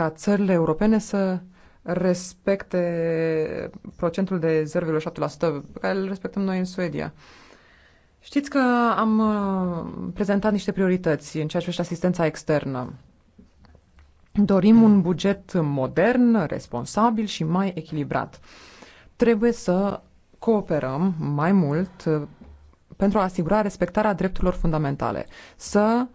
ca țările europene să respecte procentul de 0,7% pe care îl respectăm noi în Suedia. Știți că am uh, prezentat niște priorități în ceea ce privește asistența externă. Dorim un buget modern, responsabil și mai echilibrat. Trebuie să cooperăm mai mult uh, pentru a asigura respectarea drepturilor fundamentale, să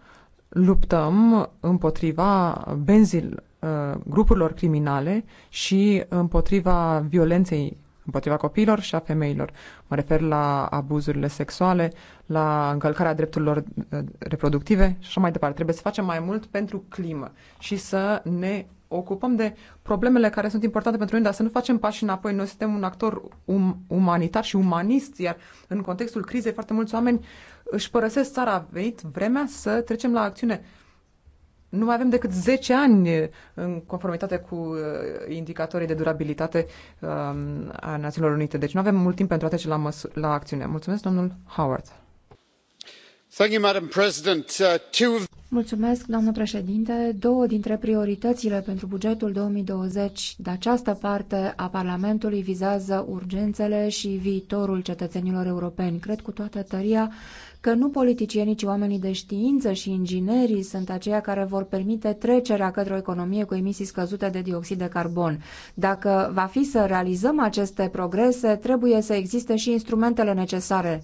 luptăm împotriva benzilor Uh, grupurilor criminale și împotriva violenței împotriva copiilor și a femeilor. Mă refer la abuzurile sexuale, la încălcarea drepturilor uh, reproductive și așa mai departe. Trebuie să facem mai mult pentru climă și să ne ocupăm de problemele care sunt importante pentru noi, dar să nu facem pași înapoi. Noi suntem un actor um, umanitar și umanist, iar în contextul crizei foarte mulți oameni își părăsesc țara. A venit vremea să trecem la acțiune nu mai avem decât 10 ani uh, în conformitate cu uh, indicatorii de durabilitate um, a Națiunilor Unite. Deci nu avem mult timp pentru a trece la, măs- la acțiune. Mulțumesc, domnul Howard. Uh, Mulțumesc, doamnă președinte. Două dintre prioritățile pentru bugetul 2020 de această parte a Parlamentului vizează urgențele și viitorul cetățenilor europeni. Cred cu toată tăria că nu politicienii, ci oamenii de știință și inginerii sunt aceia care vor permite trecerea către o economie cu emisii scăzute de dioxid de carbon. Dacă va fi să realizăm aceste progrese, trebuie să existe și instrumentele necesare.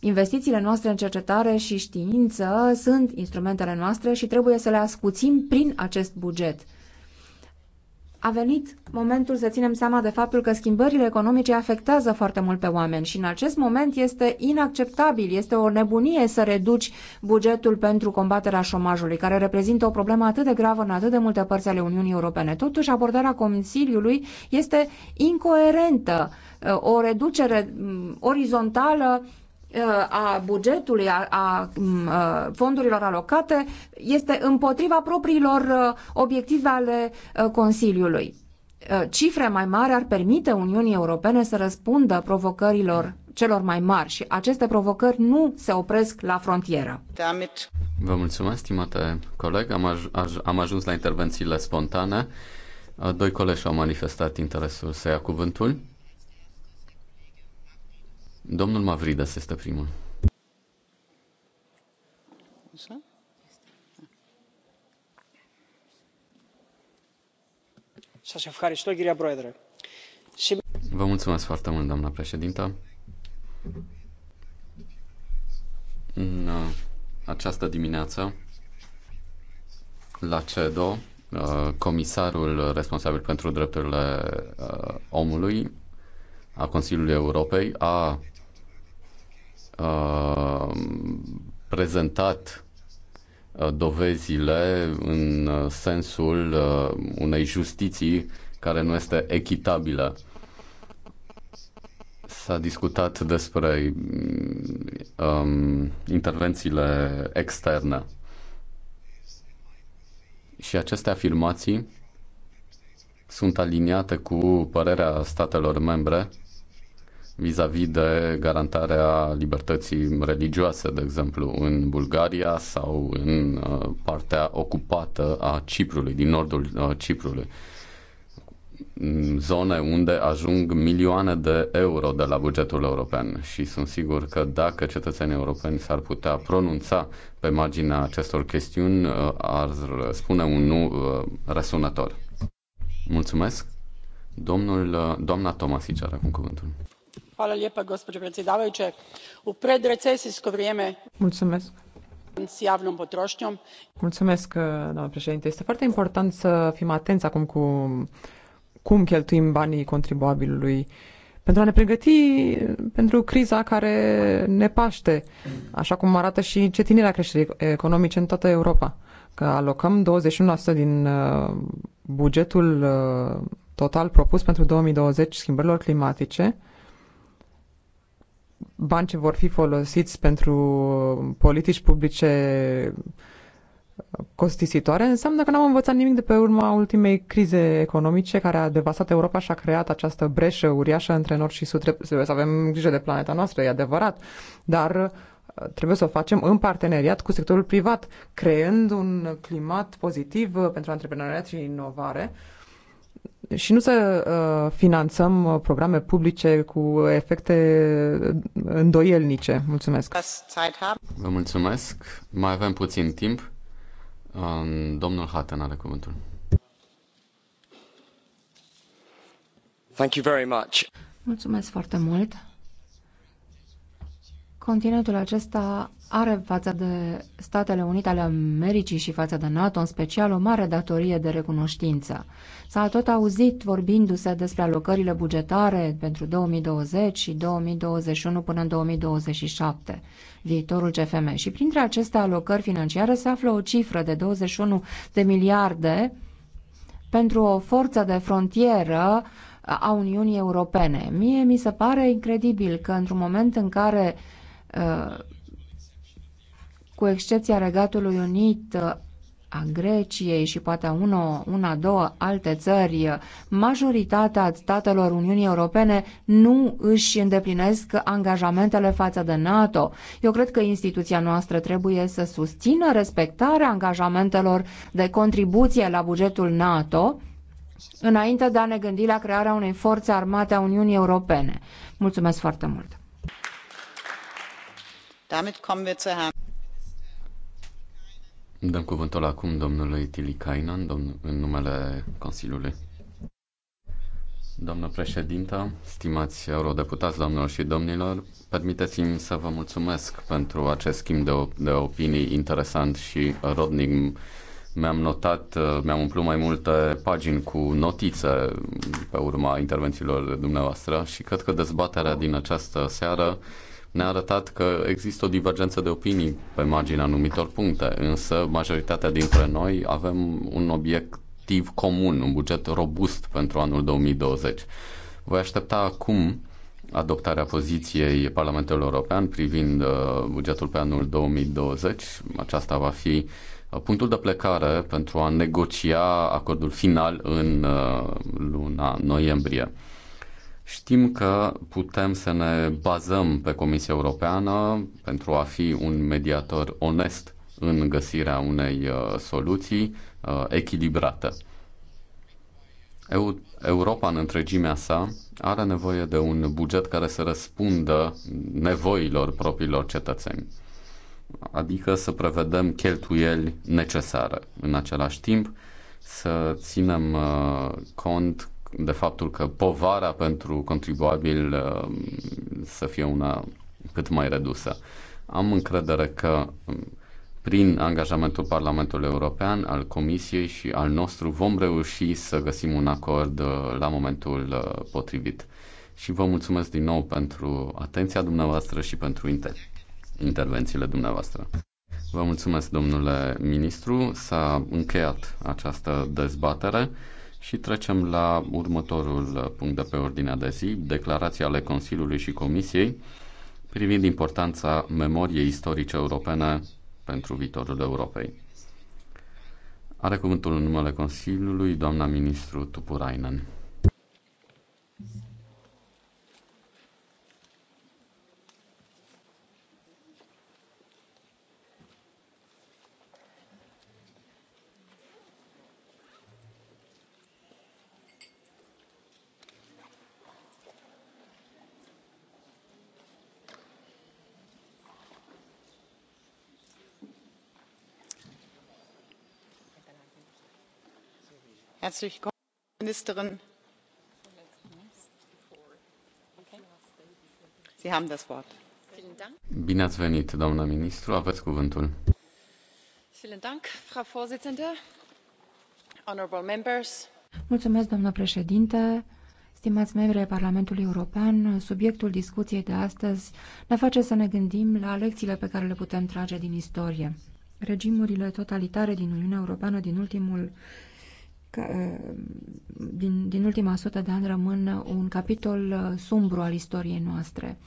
Investițiile noastre în cercetare și știință sunt instrumentele noastre și trebuie să le ascuțim prin acest buget a venit momentul să ținem seama de faptul că schimbările economice afectează foarte mult pe oameni și în acest moment este inacceptabil, este o nebunie să reduci bugetul pentru combaterea șomajului, care reprezintă o problemă atât de gravă în atât de multe părți ale Uniunii Europene. Totuși, abordarea Consiliului este incoerentă. O reducere mm, orizontală Uh, a bugetului, a, a, mm, uh, fondurilor alocate, este împotriva propriilor uh, obiective ale Consiliului. Cifre mai mari ar permite Uniunii Europene să răspundă provocărilor celor mai mari și aceste provocări nu se opresc la frontieră. Vă mulțumesc, stimate coleg. Am, aj- am ajuns la intervențiile spontane. Doi colegi au manifestat interesul să ia cuvântul. Domnul Mavridas este primul. Vă mulțumesc foarte mult, doamna președintă. În uh, această dimineață, la CEDO, uh, comisarul responsabil pentru drepturile uh, omului a Consiliului Europei a Uh, prezentat uh, dovezile în uh, sensul unei justiții care nu este echitabilă. S-a discutat despre um, intervențiile externe. Și aceste afirmații sunt aliniate cu părerea statelor membre vis-a-vis -vis de garantarea libertății religioase, de exemplu, în Bulgaria sau în uh, partea ocupată a Ciprului, din nordul uh, Ciprului. Zone unde ajung milioane de euro de la bugetul european și sunt sigur că dacă cetățenii europeni s-ar putea pronunța pe marginea acestor chestiuni, uh, ar spune un nu răsunător. Mulțumesc! Domnul, doamna Tomasic are acum cuvântul gospođo predsjedavajuća u predrecesijsko vrijeme s javnom potrošnjom. Mulțumesc, doamnă președinte. Este foarte important să fim atenți acum cu cum cheltuim banii contribuabilului pentru a ne pregăti pentru criza care ne paște, așa cum arată și cetinirea creșterii economice în toată Europa. Că alocăm 21% din uh, bugetul uh, total propus pentru 2020 schimbărilor climatice, bani ce vor fi folosiți pentru politici publice costisitoare, înseamnă că n-am învățat nimic de pe urma ultimei crize economice care a devastat Europa și a creat această breșă uriașă între nord și sud. Trebuie să avem grijă de planeta noastră, e adevărat, dar uh, trebuie să o facem în parteneriat cu sectorul privat, creând un climat pozitiv uh, pentru antreprenoriat și inovare și nu să uh, finanțăm uh, programe publice cu efecte uh, îndoielnice. Mulțumesc. Vă mulțumesc. Mai avem puțin timp. Um, domnul Hatten are cuvântul. Thank you very much. Mulțumesc foarte mult. Continentul acesta are față de Statele Unite ale Americii și față de NATO în special o mare datorie de recunoștință. S-a tot auzit vorbindu-se despre alocările bugetare pentru 2020 și 2021 până în 2027, viitorul CFM. Și printre aceste alocări financiare se află o cifră de 21 de miliarde pentru o forță de frontieră a Uniunii Europene. Mie mi se pare incredibil că într-un moment în care uh, Uh, cu excepția Regatului Unit, uh, a Greciei și poate a una, una, două alte țări, uh, majoritatea statelor Uniunii Europene nu își îndeplinesc angajamentele față de NATO. Eu cred că instituția noastră trebuie să susțină respectarea angajamentelor de contribuție la bugetul NATO înainte de a ne gândi la crearea unei forțe armate a Uniunii Europene. Mulțumesc foarte mult! Dăm cuvântul acum domnului Tilikainen, domn, în numele Consiliului. Doamnă președintă, stimați eurodeputați, doamnelor și domnilor, permiteți-mi să vă mulțumesc pentru acest schimb de, op- de opinii interesant și rodnic. Mi-am notat, mi-am umplut mai multe pagini cu notițe pe urma intervențiilor dumneavoastră și cred că dezbaterea din această seară ne-a arătat că există o divergență de opinii pe marginea anumitor puncte, însă majoritatea dintre noi avem un obiectiv comun, un buget robust pentru anul 2020. Voi aștepta acum adoptarea poziției Parlamentului European privind uh, bugetul pe anul 2020. Aceasta va fi uh, punctul de plecare pentru a negocia acordul final în uh, luna noiembrie. Știm că putem să ne bazăm pe Comisia Europeană pentru a fi un mediator onest în găsirea unei uh, soluții uh, echilibrate. Europa în întregimea sa are nevoie de un buget care să răspundă nevoilor propriilor cetățeni, adică să prevedem cheltuieli necesare. În același timp, să ținem uh, cont de faptul că povara pentru contribuabil uh, să fie una cât mai redusă. Am încredere că um, prin angajamentul Parlamentului European, al Comisiei și al nostru vom reuși să găsim un acord uh, la momentul uh, potrivit. Și vă mulțumesc din nou pentru atenția dumneavoastră și pentru inter- intervențiile dumneavoastră. Vă mulțumesc, domnule ministru. S-a încheiat această dezbatere. Și trecem la următorul uh, punct de pe ordinea de zi, declarația ale Consiliului și Comisiei privind importanța memoriei istorice europene pentru viitorul Europei. Are cuvântul în numele Consiliului doamna ministru Tupurainen. herzlich willkommen frau ministerin! bine ați venit doamnă ministru aveți cuvântul. mulțumesc doamnă președintă stimați membri ai Parlamentului European. Subiectul discuției de astăzi ne face să ne gândim la lecțiile pe care le putem trage din istorie. Regimurile totalitare din Uniunea Europeană din ultimul că, uh, din, din ultima sută de ani rămân un capitol uh, sumbru al istoriei noastre.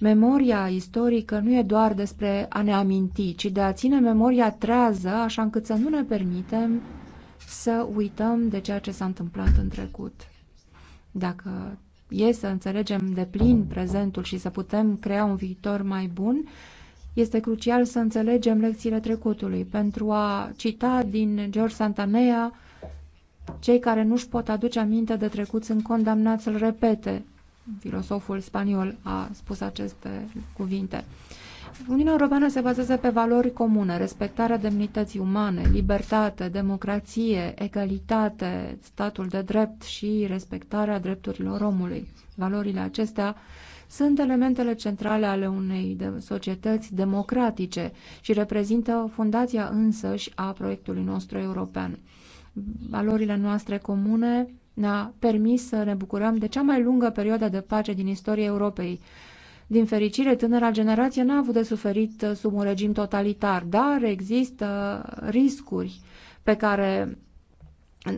Memoria istorică nu e doar despre a ne aminti, ci de a ține memoria trează, așa încât să nu ne permitem să uităm de ceea ce s-a întâmplat în trecut. Dacă e să înțelegem de plin prezentul și să putem crea un viitor mai bun, este crucial să înțelegem lecțiile trecutului. Pentru a cita din George Santanea, cei care nu-și pot aduce aminte de trecut sunt condamnați să-l repete. Filosoful spaniol a spus aceste cuvinte. Uniunea Europeană se bazează pe valori comune, respectarea demnității umane, libertate, democrație, egalitate, statul de drept și respectarea drepturilor omului. Valorile acestea sunt elementele centrale ale unei societăți democratice și reprezintă fundația însăși a proiectului nostru european valorile noastre comune ne-a permis să ne bucurăm de cea mai lungă perioadă de pace din istoria Europei. Din fericire, tânăra generație n-a avut de suferit uh, sub un regim totalitar, dar există riscuri pe care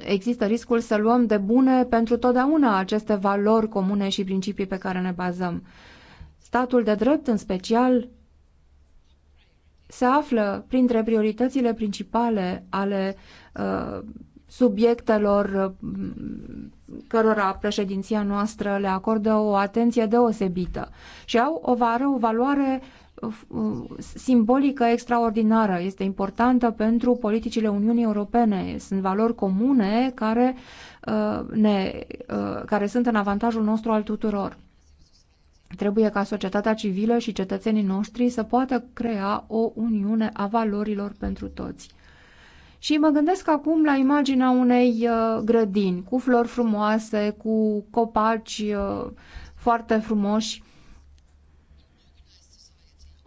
există riscul să luăm de bune pentru totdeauna aceste valori comune și principii pe care ne bazăm. Statul de drept, în special, se află printre prioritățile principale ale uh, subiectelor uh, cărora președinția noastră le acordă o atenție deosebită și au o, o valoare uh, simbolică extraordinară. Este importantă pentru politicile Uniunii Europene. Sunt valori comune care, uh, ne, care sunt în avantajul nostru al tuturor. Trebuie ca societatea civilă și cetățenii noștri să poată crea o uniune a valorilor pentru toți. Și mă gândesc acum la imaginea unei uh, grădini cu flori frumoase, cu copaci uh, foarte frumoși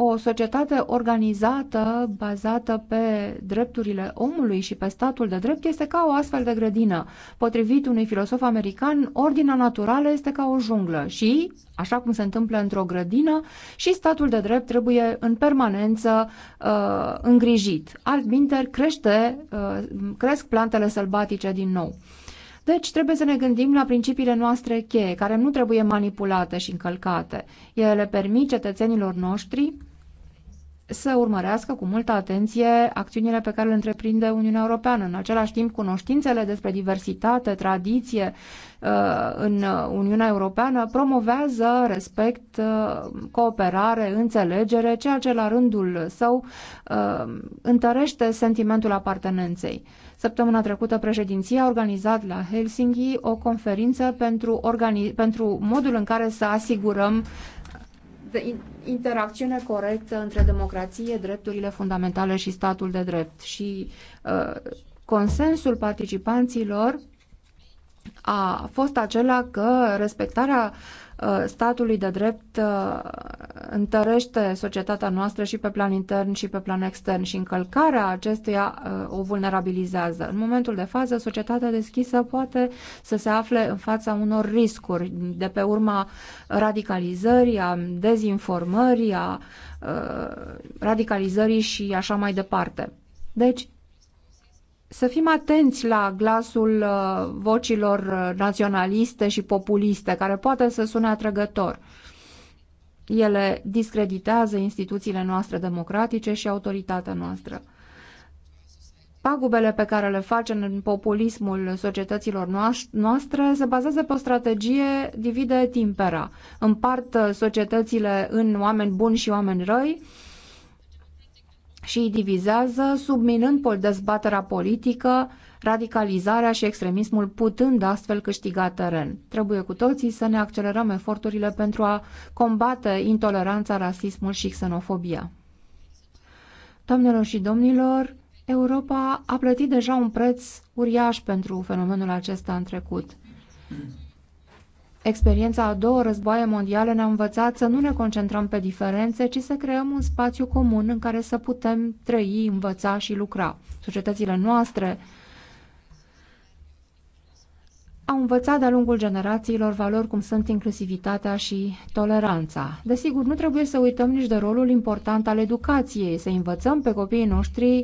o societate organizată, bazată pe drepturile omului și pe statul de drept, este ca o astfel de grădină. Potrivit unui filosof american, ordinea naturală este ca o junglă și, așa cum se întâmplă într-o grădină, și statul de drept trebuie în permanență uh, îngrijit. Altminteri, crește, uh, cresc plantele sălbatice din nou. Deci trebuie să ne gândim la principiile noastre cheie, care nu trebuie manipulate și încălcate. Ele permit cetățenilor noștri să urmărească cu multă atenție acțiunile pe care le întreprinde Uniunea Europeană. În același timp, cunoștințele despre diversitate, tradiție uh, în Uniunea Europeană promovează respect, uh, cooperare, înțelegere, ceea ce la rândul său uh, întărește sentimentul apartenenței. Săptămâna trecută, președinția a organizat la Helsinki o conferință pentru, organi- pentru modul în care să asigurăm interacțiune corectă între democrație, drepturile fundamentale și statul de drept. Și uh, consensul participanților a fost acela că respectarea uh, Uh, statului de drept uh, întărește societatea noastră și pe plan intern și pe plan extern și încălcarea acestuia uh, o vulnerabilizează. În momentul de fază, societatea deschisă poate să se afle în fața unor riscuri de pe urma radicalizării, a dezinformării, a radicalizării și așa mai departe. Deci, să fim atenți la glasul uh, vocilor uh, naționaliste și populiste, care poate să sune atrăgător. Ele discreditează instituțiile noastre democratice și autoritatea noastră. Pagubele pe care le facem în populismul societăților noastre se bazează pe o strategie divide timpera. Împart uh, societățile în oameni buni și oameni răi, și îi divizează, subminând dezbaterea politică, radicalizarea și extremismul, putând astfel câștiga teren. Trebuie cu toții să ne accelerăm eforturile pentru a combate intoleranța, rasismul și xenofobia. Doamnelor și domnilor, Europa a plătit deja un preț uriaș pentru fenomenul acesta în trecut. Experiența a două războaie mondiale ne-a învățat să nu ne concentrăm pe diferențe, ci să creăm un spațiu comun în care să putem trăi, învăța și lucra. Societățile noastre au învățat de-a lungul generațiilor valori cum sunt inclusivitatea și toleranța. Desigur, nu trebuie să uităm nici de rolul important al educației, să învățăm pe copiii noștri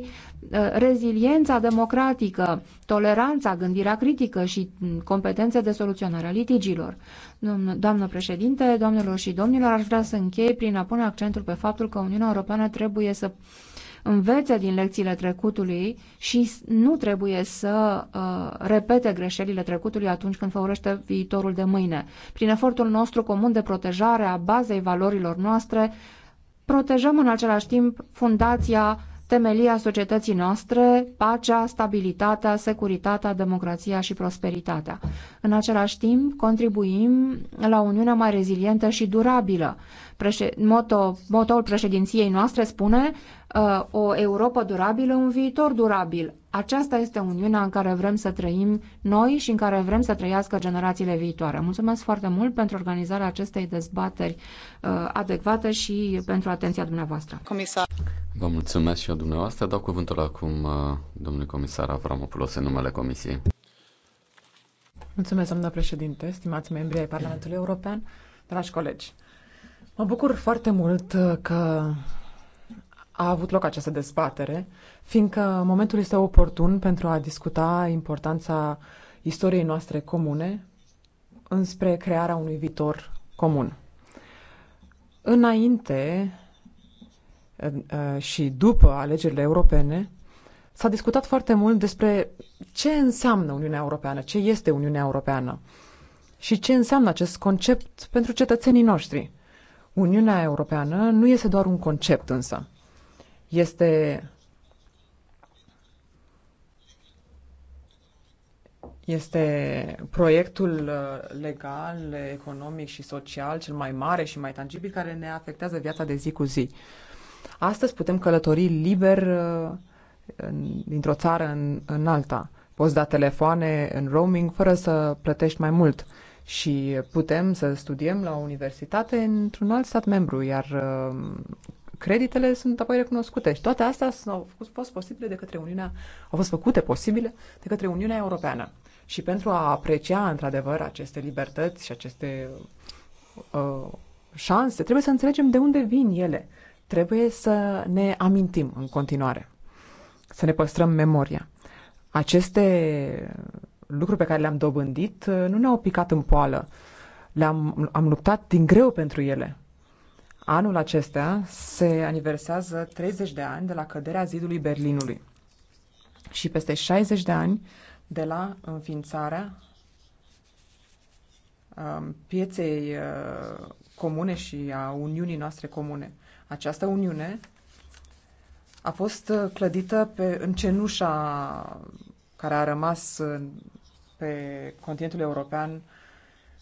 uh, reziliența democratică, toleranța, gândirea critică și mm, competențe de soluționare a litigilor. Doamnă președinte, doamnelor și domnilor, aș vrea să închei prin a pune accentul pe faptul că Uniunea Europeană trebuie să învețe din lecțiile trecutului și nu trebuie să uh, repete greșelile trecutului atunci când făurește viitorul de mâine. Prin efortul nostru comun de protejare a bazei valorilor noastre, protejăm în același timp fundația temelia societății noastre, pacea, stabilitatea, securitatea, democrația și prosperitatea. În același timp, contribuim la Uniunea mai rezilientă și durabilă. Președ... Moto... Motoul președinției noastre spune uh, o Europa durabilă, un viitor durabil. Aceasta este Uniunea în care vrem să trăim noi și în care vrem să trăiască generațiile viitoare. Mulțumesc foarte mult pentru organizarea acestei dezbateri uh, adecvate și pentru atenția dumneavoastră. Comisar. Vă mulțumesc și eu dumneavoastră. Dau cuvântul acum uh, domnului comisar Avramopoulos în numele Comisiei. Mulțumesc, doamna președinte, stimați membri ai Parlamentului European, dragi colegi. Mă bucur foarte mult uh, că a avut loc această dezbatere, fiindcă momentul este oportun pentru a discuta importanța istoriei noastre comune înspre crearea unui viitor comun. Înainte ă, și după alegerile europene, s-a discutat foarte mult despre ce înseamnă Uniunea Europeană, ce este Uniunea Europeană și ce înseamnă acest concept pentru cetățenii noștri. Uniunea Europeană nu este doar un concept însă este este proiectul uh, legal, economic și social cel mai mare și mai tangibil care ne afectează viața de zi cu zi. Astăzi putem călători liber uh, dintr-o țară în, în alta. Poți da telefoane în roaming fără să plătești mai mult și putem să studiem la universitate într-un alt stat membru, iar uh, creditele sunt apoi recunoscute. Și toate astea au fost posibile de către Uniunea, au fost făcute posibile de către Uniunea Europeană. Și pentru a aprecia, într-adevăr, aceste libertăți și aceste uh, șanse, trebuie să înțelegem de unde vin ele. Trebuie să ne amintim în continuare, să ne păstrăm memoria. Aceste lucruri pe care le-am dobândit uh, nu ne-au picat în poală. Le-am, am luptat din greu pentru ele. Anul acesta se aniversează 30 de ani de la căderea zidului Berlinului și peste 60 de ani de la înființarea um, pieței uh, comune și a Uniunii noastre comune. Această Uniune a fost uh, clădită pe, în cenușa care a rămas uh, pe continentul european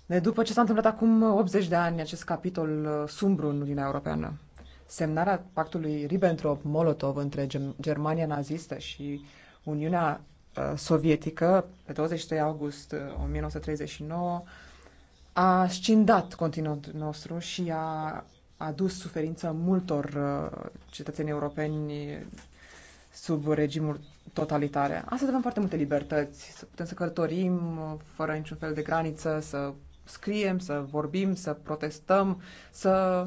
de după ce s-a întâmplat acum 80 de ani acest capitol uh, sumbru în Uniunea Europeană. Semnarea pactului Ribbentrop-Molotov între Germania nazistă și Uniunea uh, Sovietică pe 23 august 1939 uh, a scindat continentul nostru și a adus suferință multor cetățeni europeni sub regimul totalitare. Astăzi avem foarte multe libertăți, să putem să călătorim fără niciun fel de graniță, să scriem, să vorbim, să protestăm, să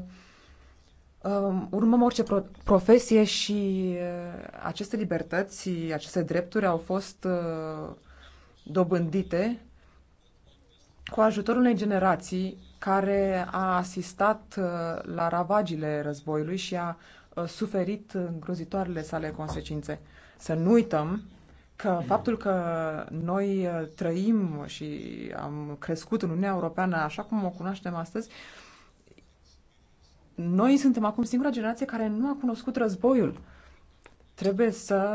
uh, urmăm orice pro- profesie și uh, aceste libertăți, aceste drepturi au fost uh, dobândite cu ajutorul unei generații care a asistat uh, la ravagile războiului și a uh, suferit îngrozitoarele sale consecințe. Să nu uităm că faptul că noi uh, trăim și am crescut în Uniunea Europeană așa cum o cunoaștem astăzi, noi suntem acum singura generație care nu a cunoscut războiul. Trebuie să,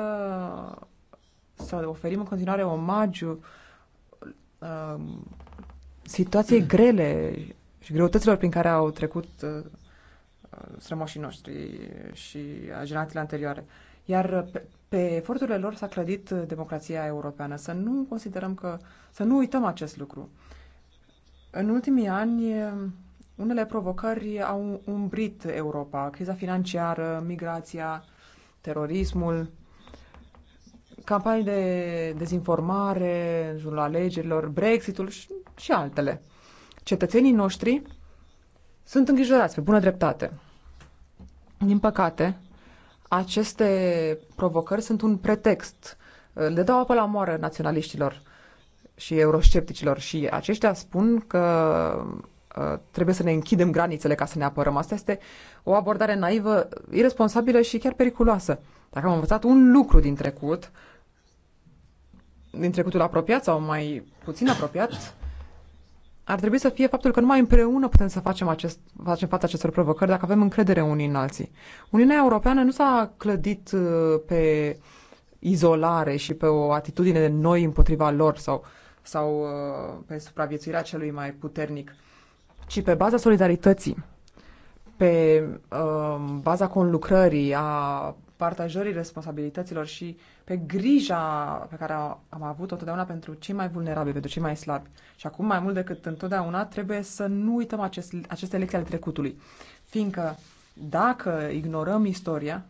să oferim în continuare omagiu um, situației grele și greutăților prin care au trecut uh, strămoșii noștri și generațiile anterioare. Iar pe eforturile lor s-a clădit democrația europeană. Să nu considerăm că, să nu uităm acest lucru. În ultimii ani, unele provocări au umbrit Europa. Criza financiară, migrația, terorismul, campanii de dezinformare în jurul alegerilor, Brexitul și, și altele. Cetățenii noștri sunt îngrijorați pe bună dreptate. Din păcate, aceste provocări sunt un pretext. Le uh, dau apă la moară naționaliștilor și euroscepticilor și aceștia spun că uh, trebuie să ne închidem granițele ca să ne apărăm. Asta este o abordare naivă, irresponsabilă și chiar periculoasă. Dacă am învățat un lucru din trecut, din trecutul apropiat sau mai puțin apropiat, ar trebui să fie faptul că numai împreună putem să facem, acest, facem față acestor provocări dacă avem încredere unii în alții. Uniunea Europeană nu s-a clădit uh, pe izolare și pe o atitudine de noi împotriva lor sau, sau uh, pe supraviețuirea celui mai puternic, ci pe baza solidarității, pe uh, baza conlucrării, a partajării responsabilităților și uh, pe grija pe care am avut-o întotdeauna pentru cei mai vulnerabili, pentru cei mai slabi. Și acum, mai mult decât întotdeauna, trebuie să nu uităm acest, aceste lecții ale trecutului. Fiindcă dacă ignorăm istoria,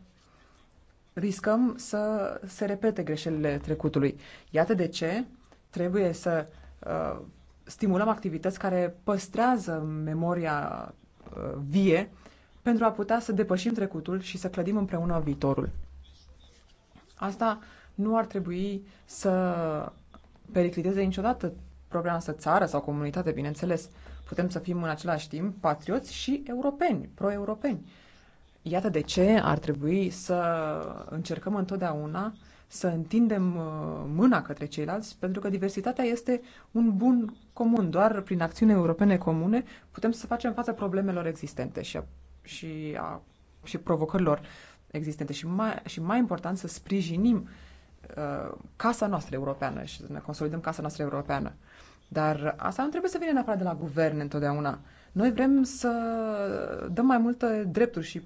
riscăm să se repete greșelile trecutului. Iată de ce trebuie să uh, stimulăm activități care păstrează memoria uh, vie pentru a putea să depășim trecutul și să clădim împreună viitorul. Asta nu ar trebui să pericliteze niciodată propria noastră țară sau comunitate, bineînțeles. Putem să fim în același timp patrioți și europeni, pro-europeni. Iată de ce ar trebui să încercăm întotdeauna să întindem uh, mâna către ceilalți, pentru că diversitatea este un bun comun. Doar prin acțiuni europene comune putem să facem față problemelor existente și, a, și, a, și provocărilor existente și mai, și mai important să sprijinim uh, casa noastră europeană și să ne consolidăm casa noastră europeană. Dar asta nu trebuie să vină neapărat de la guverne întotdeauna. Noi vrem să dăm mai multe drepturi și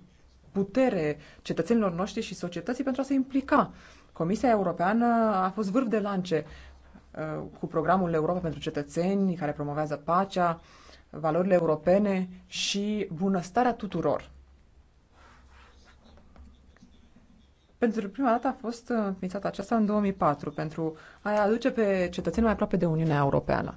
putere cetățenilor noștri și societății pentru a se implica. Comisia Europeană a fost vârf de lance uh, cu programul Europa pentru cetățeni, care promovează pacea, valorile europene și bunăstarea tuturor. Pentru prima dată a fost uh, înființată aceasta în 2004 pentru a aduce pe cetățenii mai aproape de Uniunea Europeană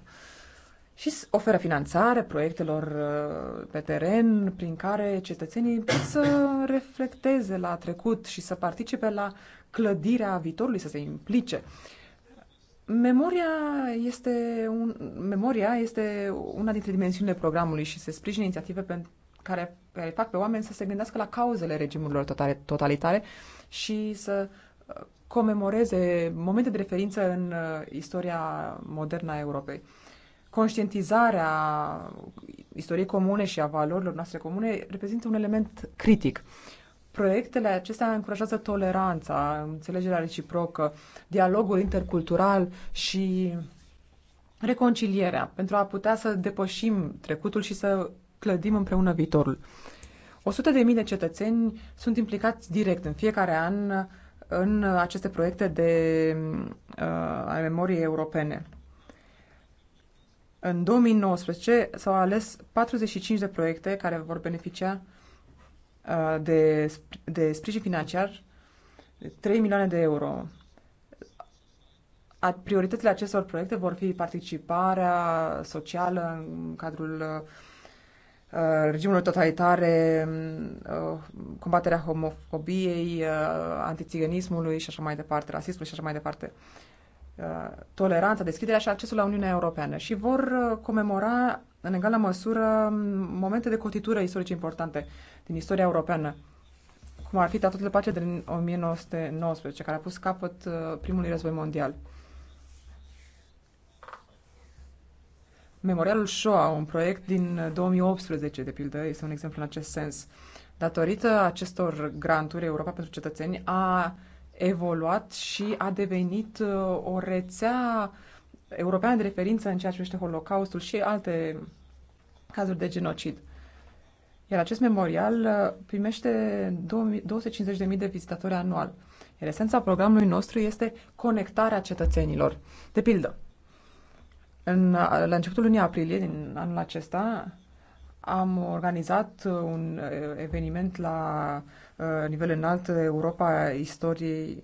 și oferă finanțare proiectelor uh, pe teren prin care cetățenii pot să reflecteze la trecut și să participe la clădirea viitorului, să se implice. Memoria este, un, memoria este una dintre dimensiunile programului și se sprijină inițiative pentru care, care fac pe oameni să se gândească la cauzele regimurilor totalitare și să uh, comemoreze momente de referință în uh, istoria modernă a Europei. Conștientizarea istoriei comune și a valorilor noastre comune reprezintă un element critic. Proiectele acestea încurajează toleranța, înțelegerea reciprocă, dialogul intercultural și reconcilierea pentru a putea să depășim trecutul și să clădim împreună viitorul. 100.000 de, de cetățeni sunt implicați direct în fiecare an în aceste proiecte de uh, ale memoriei europene. În 2019 s-au ales 45 de proiecte care vor beneficia uh, de, de sprijin financiar de 3 milioane de euro. A, prioritățile acestor proiecte vor fi participarea socială în cadrul uh, Uh, regimului totalitare, uh, combaterea homofobiei, uh, antițiganismului și așa mai departe, rasismului și așa mai departe, toleranța, deschiderea și accesul la Uniunea Europeană. Și vor comemora în egală măsură momente de cotitură istorice importante din istoria europeană, cum ar fi Tratatul de Pace din 1919, care a pus capăt primului război mondial. Memorialul Shoah, un proiect din 2018, uh, de pildă, este un exemplu în acest sens. Datorită acestor granturi, Europa pentru cetățeni a evoluat și a devenit uh, o rețea europeană de referință în ceea ce privește Holocaustul și alte cazuri de genocid. Iar acest memorial uh, primește 250.000 de vizitatori anual. Iar esența programului nostru este conectarea cetățenilor. De pildă, în, la începutul lunii aprilie din anul acesta am organizat un uh, eveniment la uh, nivel înalt Europa istoriei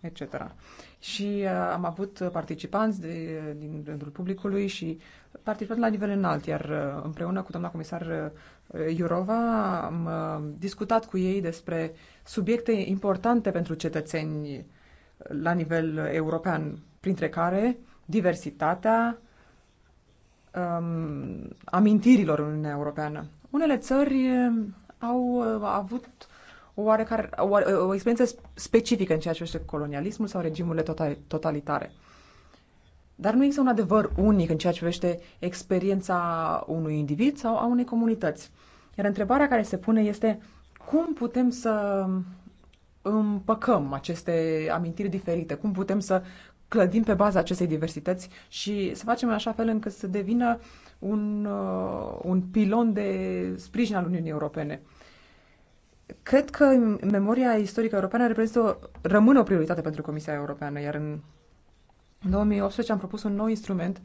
etc. Și uh, am avut participanți de, din rândul publicului și participanți la nivel înalt, iar uh, împreună cu doamna comisar uh, Iurova am uh, discutat cu ei despre subiecte importante pentru cetățeni la nivel european, printre care diversitatea, um, amintirilor în Uniunea Europeană. Unele țări um, au uh, avut o oarecare, o, o experiență specifică în ceea ce este colonialismul sau regimurile totalitare. Dar nu există un adevăr unic în ceea ce privește experiența unui individ sau a unei comunități. Iar întrebarea care se pune este cum putem să împăcăm aceste amintiri diferite, cum putem să clădim pe baza acestei diversități și să facem în așa fel încât să devină un, uh, un pilon de sprijin al Uniunii Europene. Cred că memoria istorică europeană reprezintă, rămâne o prioritate pentru Comisia Europeană, iar în 2018 am propus un nou instrument,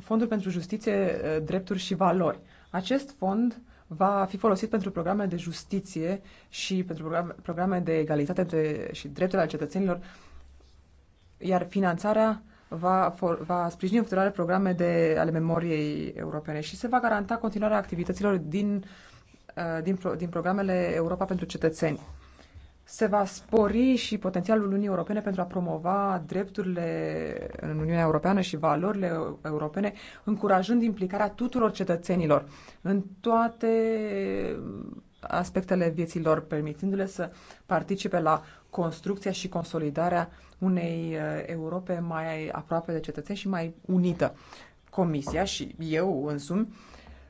Fondul pentru Justiție, uh, Drepturi și Valori. Acest fond va fi folosit pentru programe de justiție și pentru programe, de egalitate de, și drepturile al cetățenilor iar finanțarea va, for, va sprijini în viitoare programe de, ale memoriei europene și se va garanta continuarea activităților din, uh, din, din programele Europa pentru cetățeni. Se va spori și potențialul Uniunii Europene pentru a promova drepturile în Uniunea Europeană și valorile europene, încurajând implicarea tuturor cetățenilor în toate aspectele vieților, permitându le să participe la construcția și consolidarea unei uh, Europe mai aproape de cetățeni și mai unită. Comisia și eu însumi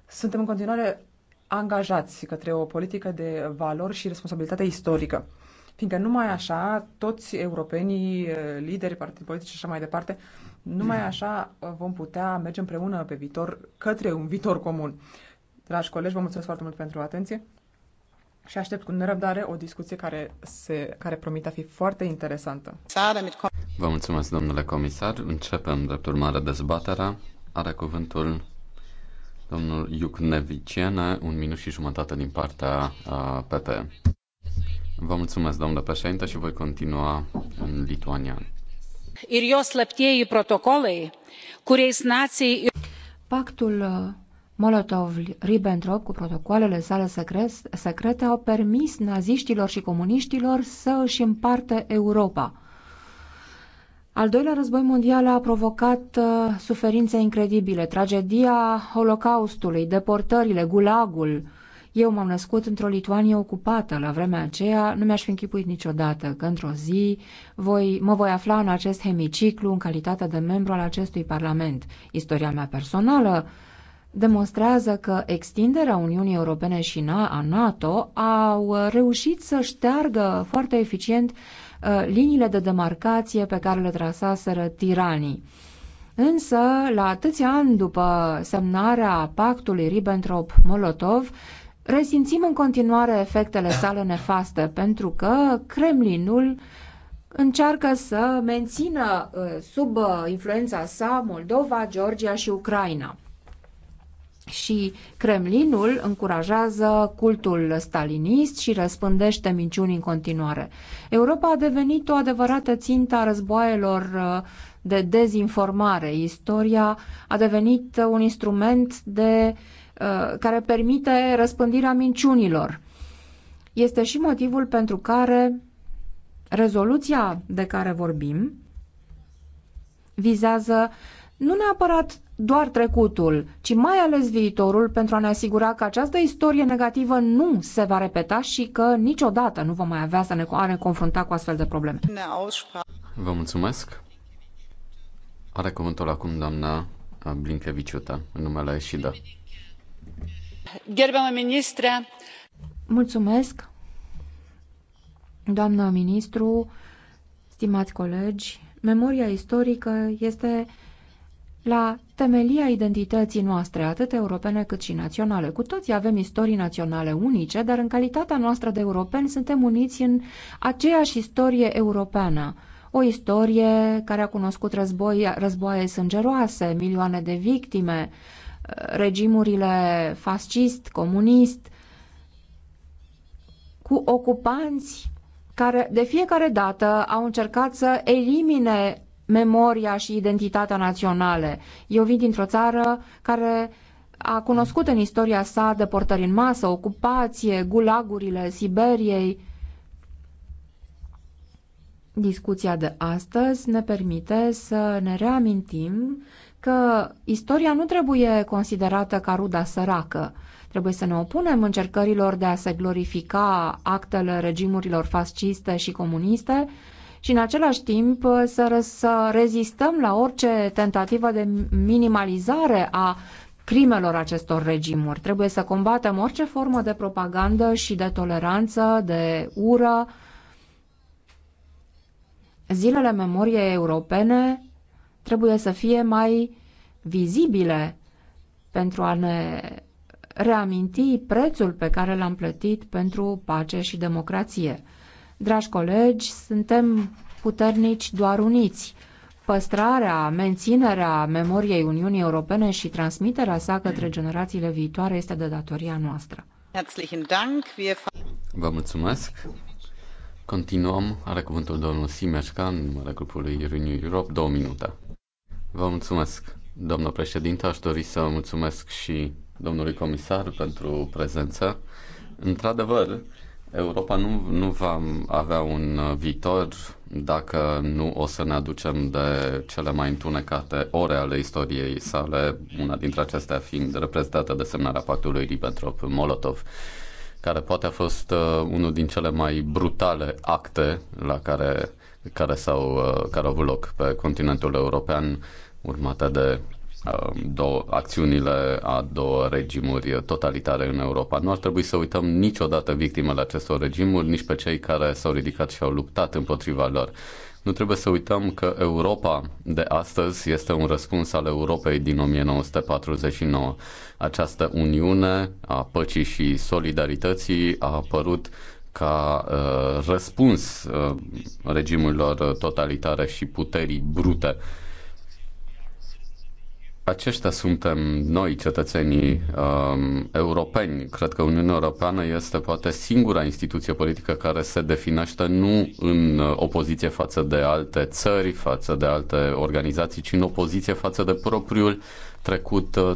suntem în continuare angajați către o politică de valori și responsabilitate istorică. Fiindcă numai așa, toți europenii, uh, lideri, partii politici și așa mai departe, numai așa uh, vom putea merge împreună pe viitor către un viitor comun. Dragi colegi, vă mulțumesc foarte mult pentru atenție și aștept cu nerăbdare o discuție care, se, care promite a fi foarte interesantă. Vă mulțumesc, domnule comisar. Începem, drept urmare, dezbaterea. Are cuvântul domnul Iucneviciene, un minut și jumătate din partea PP. Vă mulțumesc, domnule președinte, și voi continua în lituanian. Ir jos protocolei, protokolai, kuriais Pactul Molotov-Ribbentrop cu protocoalele sale secrete au permis naziștilor și comuniștilor să își împartă Europa. Al doilea război mondial a provocat uh, suferințe incredibile, tragedia Holocaustului, deportările, gulagul. Eu m-am născut într-o Lituanie ocupată la vremea aceea, nu mi-aș fi închipuit niciodată că într-o zi voi, mă voi afla în acest hemiciclu în calitate de membru al acestui parlament. Istoria mea personală uh, demonstrează că extinderea Uniunii Europene și a NATO au reușit să șteargă foarte eficient uh, liniile de demarcație pe care le trasaseră tiranii. Însă, la atâția ani după semnarea pactului Ribbentrop-Molotov, resimțim în continuare efectele sale nefaste, pentru că Kremlinul încearcă să mențină uh, sub uh, influența sa Moldova, Georgia și Ucraina și Kremlinul încurajează cultul stalinist și răspândește minciuni în continuare. Europa a devenit o adevărată țintă a războaielor uh, de dezinformare. Istoria a devenit un instrument de, uh, care permite răspândirea minciunilor. Este și motivul pentru care rezoluția de care vorbim vizează uh, nu neapărat doar trecutul, ci mai ales viitorul pentru a ne asigura că această istorie negativă nu se va repeta și că niciodată nu vom mai avea să ne, a ne confrunta cu astfel de probleme. Vă mulțumesc. Are cuvântul acum doamna uh, Blinkeviciuta, în numele da. Gerbeamă ministre! Mulțumesc, Doamna ministru, stimați colegi. Memoria istorică este la temelia identității noastre, atât europene cât și naționale. Cu toții avem istorii naționale unice, dar în calitatea noastră de europeni suntem uniți în aceeași istorie europeană. O istorie care a cunoscut război, războaie sângeroase, milioane de victime, regimurile fascist, comunist, cu ocupanți care de fiecare dată au încercat să elimine memoria și identitatea naționale. Eu vin dintr-o țară care a cunoscut în istoria sa deportări în masă, ocupație, gulagurile Siberiei. Discuția de astăzi ne permite să ne reamintim că istoria nu trebuie considerată ca ruda săracă. Trebuie să ne opunem încercărilor de a se glorifica actele regimurilor fasciste și comuniste și în același timp uh, să, să rezistăm la orice tentativă de minimalizare a crimelor acestor regimuri. Trebuie să combatem orice formă de propagandă și de toleranță, de ură. Zilele memoriei europene trebuie să fie mai vizibile pentru a ne reaminti prețul pe care l-am plătit pentru pace și democrație. Dragi colegi, suntem puternici doar uniți. Păstrarea, menținerea memoriei Uniunii Europene și transmiterea sa către generațiile viitoare este de datoria noastră. Vă mulțumesc. Continuăm. Are cuvântul domnul Simeșca, în numele grupului Renew Europe, două minute. Vă mulțumesc, domnul președinte. Aș dori să mulțumesc și domnului comisar pentru prezență. Într-adevăr, Europa nu, nu va avea un viitor dacă nu o să ne aducem de cele mai întunecate ore ale istoriei sale, una dintre acestea fiind reprezentată de semnarea pactului Ribbentrop-Molotov, care poate a fost uh, unul din cele mai brutale acte la care, care, s-au, uh, care au avut loc pe continentul european, urmate de Um, două, acțiunile a două regimuri totalitare în Europa. Nu ar trebui să uităm niciodată victimele acestor regimuri, nici pe cei care s-au ridicat și au luptat împotriva lor. Nu trebuie să uităm că Europa de astăzi este un răspuns al Europei din 1949. Această uniune a păcii și solidarității a apărut ca uh, răspuns uh, regimurilor totalitare și puterii brute aceștia suntem noi, cetățenii um, europeni. Cred că Uniunea Europeană este poate singura instituție politică care se definește nu în uh, opoziție față de alte țări, față de alte organizații, ci în opoziție față de propriul trecut uh,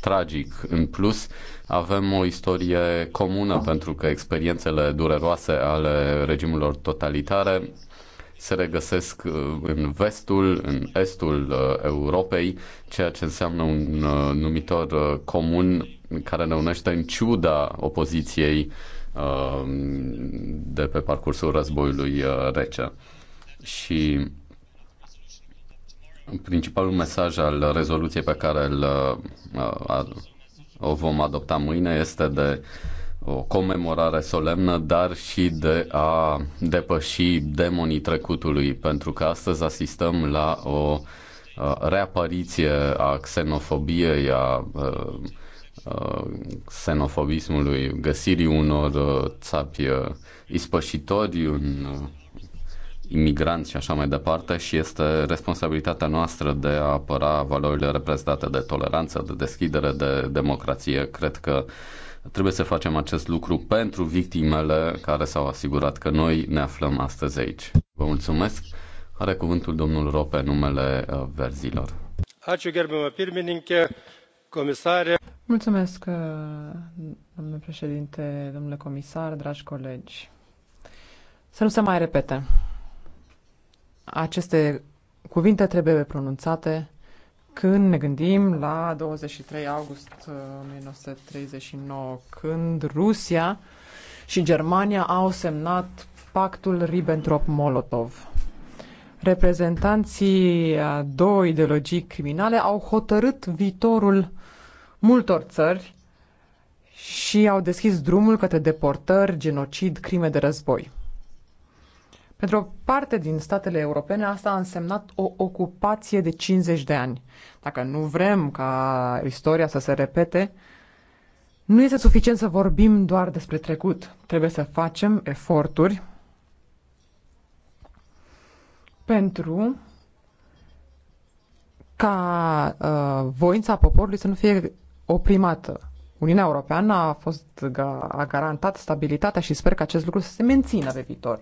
tragic. În plus, avem o istorie comună pentru că experiențele dureroase ale regimurilor totalitare se regăsesc uh, în vestul, în estul uh, Europei, ceea ce înseamnă un uh, numitor comun care ne unește în ciuda opoziției de pe parcursul războiului rece. Și principalul mesaj al rezoluției pe care îl, o vom adopta mâine este de uh, o comemorare solemnă, dar și de a depăși demonii trecutului, pentru că astăzi asistăm la o reapariție a xenofobiei, a xenofobismului, găsirii unor țapi ispășitori, un imigranți și așa mai departe și este responsabilitatea noastră de a apăra valorile reprezentate de toleranță, de deschidere, de democrație. Cred că uh, Trebuie să facem acest lucru pentru victimele care s-au asigurat că noi ne aflăm astăzi aici. Vă mulțumesc. Are cuvântul domnul Rope numele uh, verzilor. Mulțumesc, uh, domnule președinte, domnule comisar, dragi colegi. Să nu se mai repete. Aceste cuvinte trebuie pronunțate când ne gândim la 23 august 1939, uh, când Rusia și Germania au semnat pactul Ribbentrop-Molotov. Reprezentanții a uh, două ideologii criminale au hotărât viitorul multor țări și au deschis drumul către deportări, genocid, crime de război. Pentru o parte din statele europene, asta a însemnat o ocupație de 50 de ani. Dacă nu vrem ca istoria să se repete, nu este suficient să vorbim doar despre trecut. Trebuie să facem eforturi pentru ca uh, voința poporului să nu fie oprimată. Uniunea Europeană a, fost, a garantat stabilitatea și sper că acest lucru să se mențină pe viitor.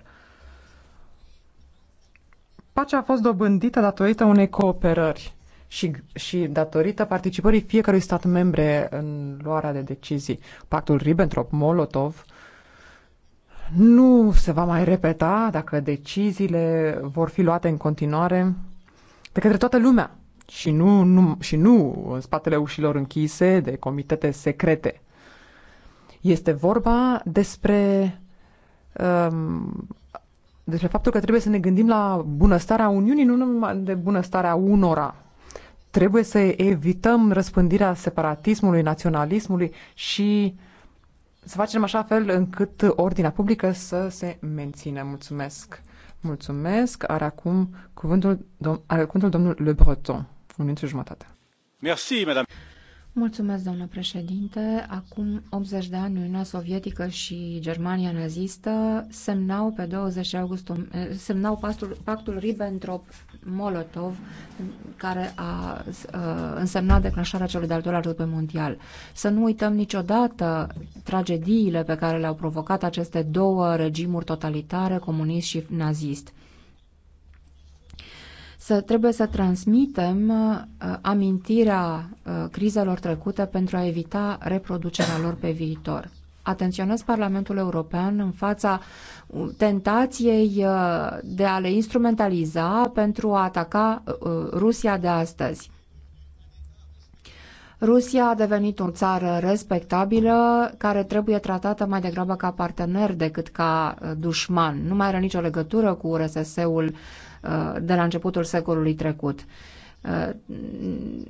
Pacea a fost dobândită datorită unei cooperări și, și datorită participării fiecărui stat membre în luarea de decizii. Pactul Ribbentrop-Molotov nu se va mai repeta dacă deciziile vor fi luate în continuare de către toată lumea și nu, nu, și nu în spatele ușilor închise de comitete secrete. Este vorba despre um, despre faptul că trebuie să ne gândim la bunăstarea Uniunii, nu numai de bunăstarea unora. Trebuie să evităm răspândirea separatismului, naționalismului și să facem așa fel încât ordinea publică să se mențină. Mulțumesc! Mulțumesc! Are acum cuvântul, dom- are cuvântul domnul Le Breton. Un minut și jumătate. Merci, madame. Mulțumesc, doamnă președinte. Acum 80 de ani, Uniunea Sovietică și Germania nazistă semnau pe 20 august eh, semnau pactul, pactul Ribbentrop-Molotov, care a, a eh, însemnat declanșarea celui de-al doilea război mondial. Să nu uităm niciodată tragediile pe care le-au provocat aceste două regimuri totalitare, comunist și nazist să, trebuie să transmitem uh, amintirea uh, crizelor trecute pentru a evita reproducerea lor pe viitor. Atenționez Parlamentul European în fața uh, tentației uh, de a le instrumentaliza pentru a ataca uh, Rusia de astăzi. Rusia a devenit o țară respectabilă care trebuie tratată mai degrabă ca partener decât ca dușman. Nu mai are nicio legătură cu RSS-ul Uh, de la începutul secolului trecut. Uh,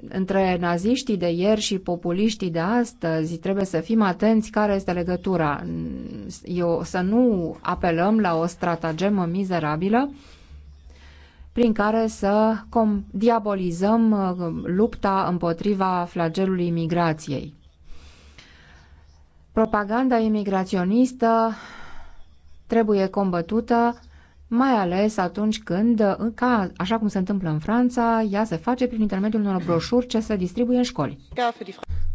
între naziștii de ieri și populiștii de astăzi trebuie să fim atenți care este legătura. Eu, să nu apelăm la o stratagemă mizerabilă prin care să diabolizăm uh, lupta împotriva flagelului imigrației. Propaganda imigraționistă trebuie combătută mai ales atunci când, ca, așa cum se întâmplă în Franța, ea se face prin intermediul unor broșuri ce se distribuie în școli.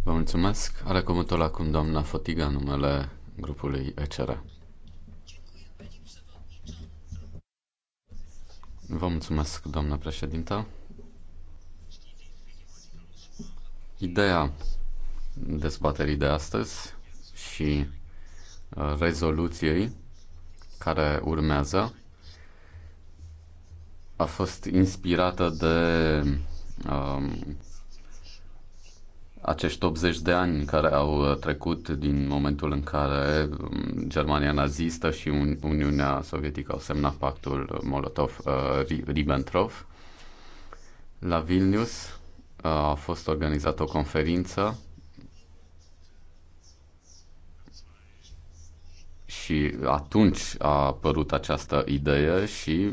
Vă mulțumesc. Are cuvântul acum doamna Fotiga numele grupului ECR. Vă mulțumesc, doamna președintă. Ideea dezbaterii de astăzi și uh, rezoluției care urmează a fost inspirată de um, acești 80 de ani care au trecut din momentul în care um, Germania nazistă și Uniunea Sovietică au semnat pactul Molotov-Ribbentrop. La Vilnius uh, a fost organizată o conferință Și atunci a apărut această idee și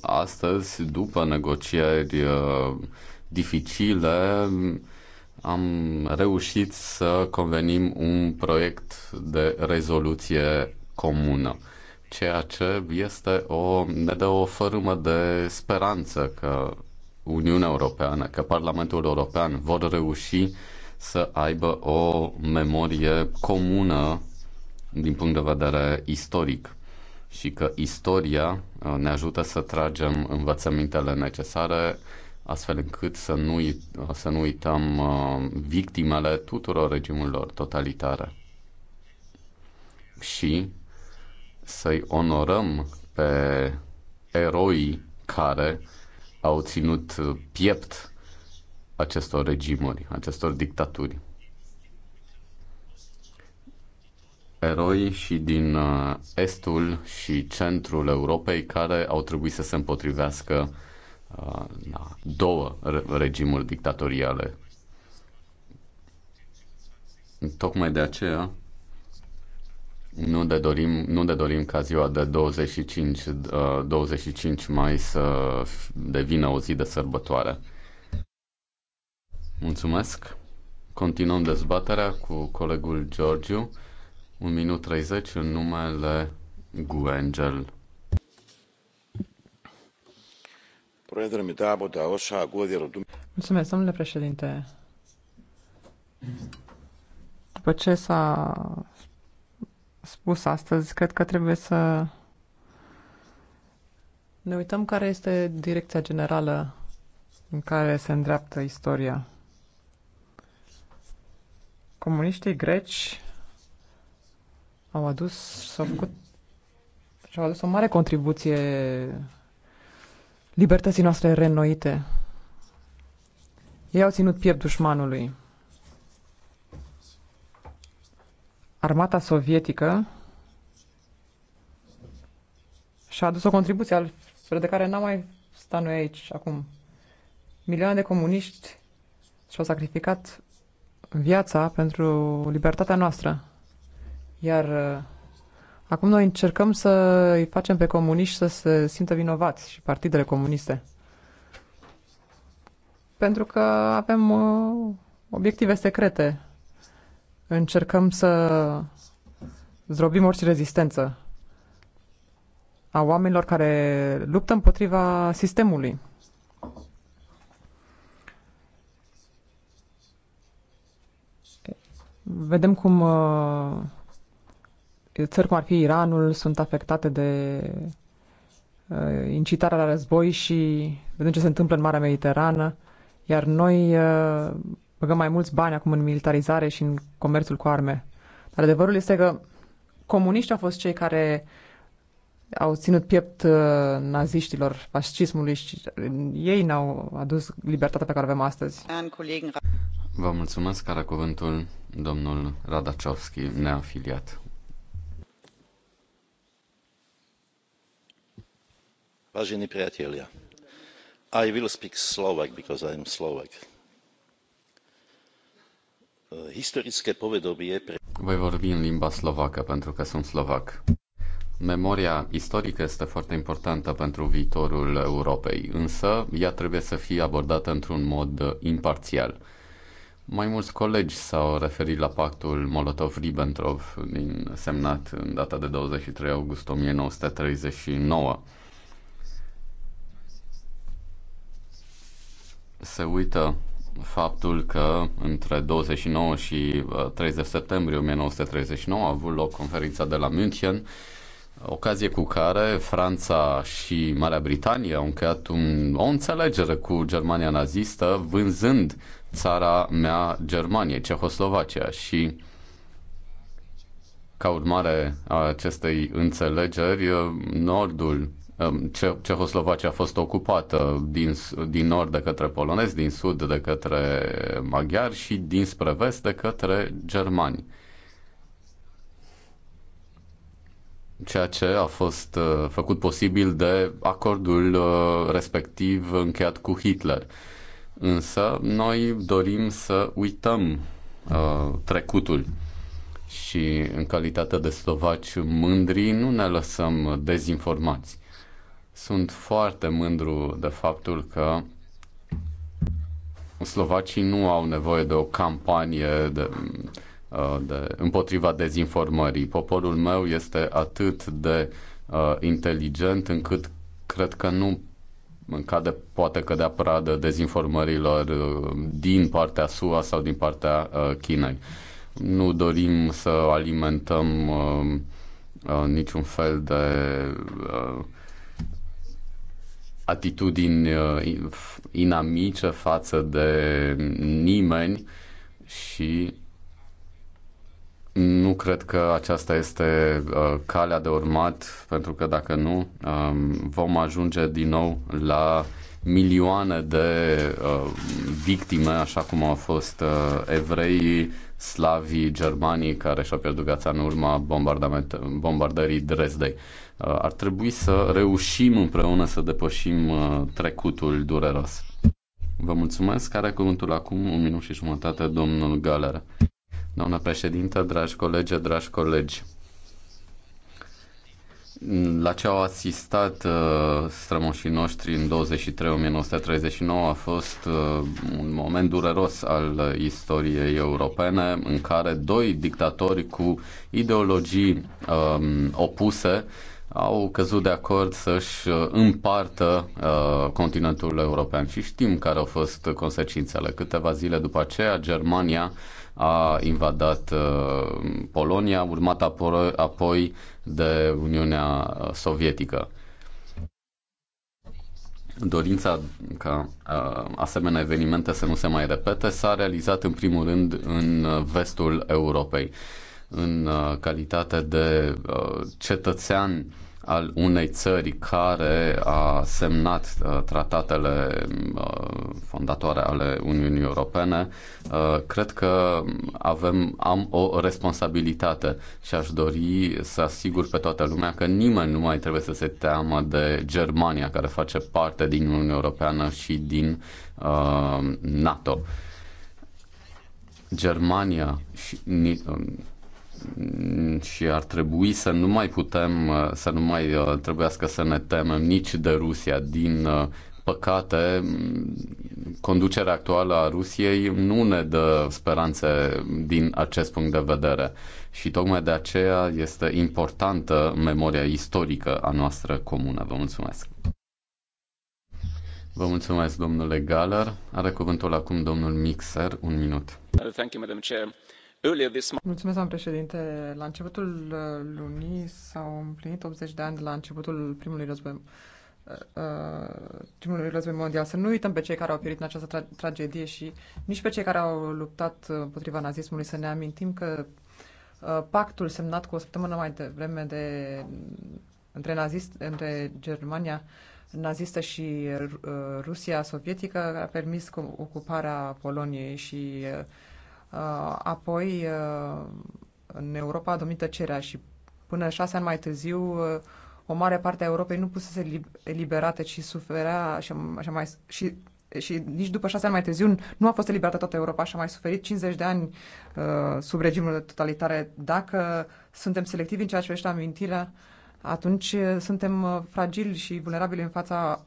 astăzi, după negocieri uh, dificile, am reușit să convenim un proiect de rezoluție comună, ceea ce este o, ne dă o fărâmă de speranță că Uniunea Europeană, că Parlamentul European vor reuși să aibă o memorie comună din punct de vedere istoric și că istoria uh, ne ajută să tragem învățămintele necesare astfel încât să nu, uh, să nu uităm uh, victimele tuturor regimurilor totalitare și să-i onorăm pe eroi care au ținut piept acestor regimuri, acestor dictaturi. eroi și din uh, estul și centrul Europei care au trebuit să se împotrivească uh, la două regimuri dictatoriale. Tocmai de aceea nu ne dorim, nu ne dorim ca ziua de 25, 25 uh, mai să devină o zi de sărbătoare. Mulțumesc! Continuăm dezbaterea cu colegul Georgiu. Un minut 30 în numele Guengel. Mulțumesc, domnule președinte. După ce s-a spus astăzi, cred că trebuie să ne uităm care este direcția generală în care se îndreaptă istoria. Comuniștii greci au adus, s-au făcut și au adus o mare contribuție libertății noastre renoite. Ei au ținut piept dușmanului. Armata sovietică și-a adus o contribuție spre de care n-am mai stat noi aici acum. Milioane de comuniști și-au sacrificat viața pentru libertatea noastră. Iar uh, acum noi încercăm să îi facem pe comuniști să se simtă vinovați și partidele comuniste. Pentru că avem uh, obiective secrete. Încercăm să zdrobim orice rezistență a oamenilor care luptă împotriva sistemului. Vedem cum uh, țări cum ar fi Iranul sunt afectate de uh, incitarea la război și vedem ce se întâmplă în Marea Mediterană, iar noi uh, băgăm mai mulți bani acum în militarizare și în comerțul cu arme. Dar adevărul este că comuniștii au fost cei care au ținut piept uh, naziștilor, fascismului și ei n-au adus libertatea pe care o avem astăzi. Vă mulțumesc, care cuvântul domnul Radachovski, neafiliat. vážení priatelia i will speak slovak because i am slovak. historické povedomie pre voi vorbi în limba slovacă pentru că sunt slovac. Memoria istorică este foarte importantă pentru viitorul Europei, însă ea trebuie să fie abordată într-un mod imparțial. Mai mulți colegi s-au referit la pactul Molotov-Ribbentrop din semnat în data de 23 august 1939. se uită faptul că între 29 și 30 uh, septembrie 1939 a avut loc conferința de la München, ocazie cu care Franța și Marea Britanie au încheiat un, o înțelegere cu Germania nazistă, vânzând țara mea Germanie, Cehoslovacia și ca urmare a acestei înțelegeri, uh, nordul Um, ce- Cehoslovacia a fost ocupată din, din nord de către polonezi, din sud de către maghiari și dinspre vest de către germani. ceea ce a fost uh, făcut posibil de acordul uh, respectiv încheiat cu Hitler. Însă noi dorim să uităm uh, trecutul și în calitate de slovaci mândri nu ne lăsăm dezinformați. Sunt foarte mândru de faptul că slovacii nu au nevoie de o campanie de, uh, de, împotriva dezinformării. Poporul meu este atât de uh, inteligent încât cred că nu cade, poate cădea pradă dezinformărilor uh, din partea SUA sau din partea uh, Chinei. Nu dorim să alimentăm uh, uh, niciun fel de uh, atitudini uh, inamice față de nimeni și nu cred că aceasta este uh, calea de urmat, pentru că dacă nu, um, vom ajunge din nou la milioane de uh, victime, așa cum au fost uh, evreii, slavii, germanii, care și-au pierdut viața în urma bombardării Dresdei. Uh, ar trebui să reușim împreună să depășim uh, trecutul dureros. Vă mulțumesc. Care cuvântul acum? Un minut și jumătate, domnul Galera. Doamnă președintă, dragi colegi, dragi colegi, la ce au asistat uh, strămoșii noștri în 23-1939 a fost uh, un moment dureros al istoriei europene în care doi dictatori cu ideologii um, opuse au căzut de acord să-și uh, împartă uh, continentul european și știm care au fost consecințele. Câteva zile după aceea, Germania a invadat uh, Polonia, urmat apoi de Uniunea uh, Sovietică. Dorința ca uh, asemenea evenimente să nu se mai repete s-a realizat în primul rând în vestul Europei. În calitate de cetățean al unei țări care a semnat uh, tratatele uh, fondatoare ale Uniunii Europene, uh, cred că avem, am o responsabilitate și aș dori să asigur pe toată lumea că nimeni nu mai trebuie să se teamă de Germania, care face parte din Uniunea Europeană și din uh, NATO. Germania și și ar trebui să nu mai putem, uh, să nu mai uh, trebuiască să ne temem nici de Rusia. Din uh, păcate, conducerea actuală a Rusiei nu ne dă speranțe din acest punct de vedere. Și tocmai de aceea este importantă memoria istorică a noastră comună. Vă mulțumesc! Vă mulțumesc, domnule Galler. Are cuvântul acum domnul Mixer, un minut. Thank you, Madam Chair. Mulțumesc, doamnă președinte. La începutul uh, lunii s-au împlinit 80 de ani de la începutul primului război uh, uh, primului război mondial. Să nu uităm pe cei care au pierit în această tra- tragedie și nici pe cei care au luptat împotriva nazismului. Să ne amintim că pactul semnat cu o săptămână mai devreme de, între, nazist, între Germania nazistă și Rusia sovietică a permis ocuparea Poloniei și uh, Uh, apoi uh, în Europa a domnit tăcerea și până șase ani mai târziu uh, o mare parte a Europei nu pusese eliberată, și suferea și, așa mai, și și nici după șase ani mai târziu nu a fost eliberată toată Europa și a mai suferit 50 de ani uh, sub regimurile totalitare. Dacă suntem selectivi în ceea ce vește amintirea, atunci suntem fragili și vulnerabili în fața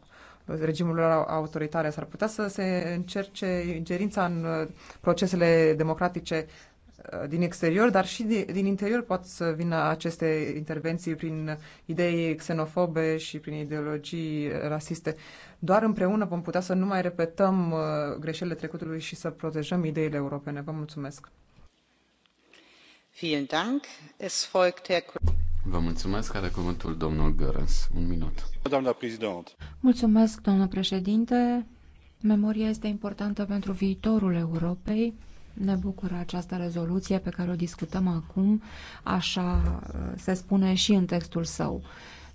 regimurilor autoritare. S-ar putea să se încerce ingerința în uh, procesele democratice uh, din exterior, dar și din interior pot să vină aceste intervenții prin idei xenofobe și prin ideologii rasiste. Doar împreună vom putea să nu mai repetăm uh, greșelile trecutului și să protejăm ideile europene. Vă mulțumesc! Vă mulțumesc. Are cuvântul domnul Gărens. Un minut. Doamna președinte. Mulțumesc, domnul președinte. Memoria este importantă pentru viitorul Europei. Ne bucură această rezoluție pe care o discutăm acum, așa uh, se spune și în textul său.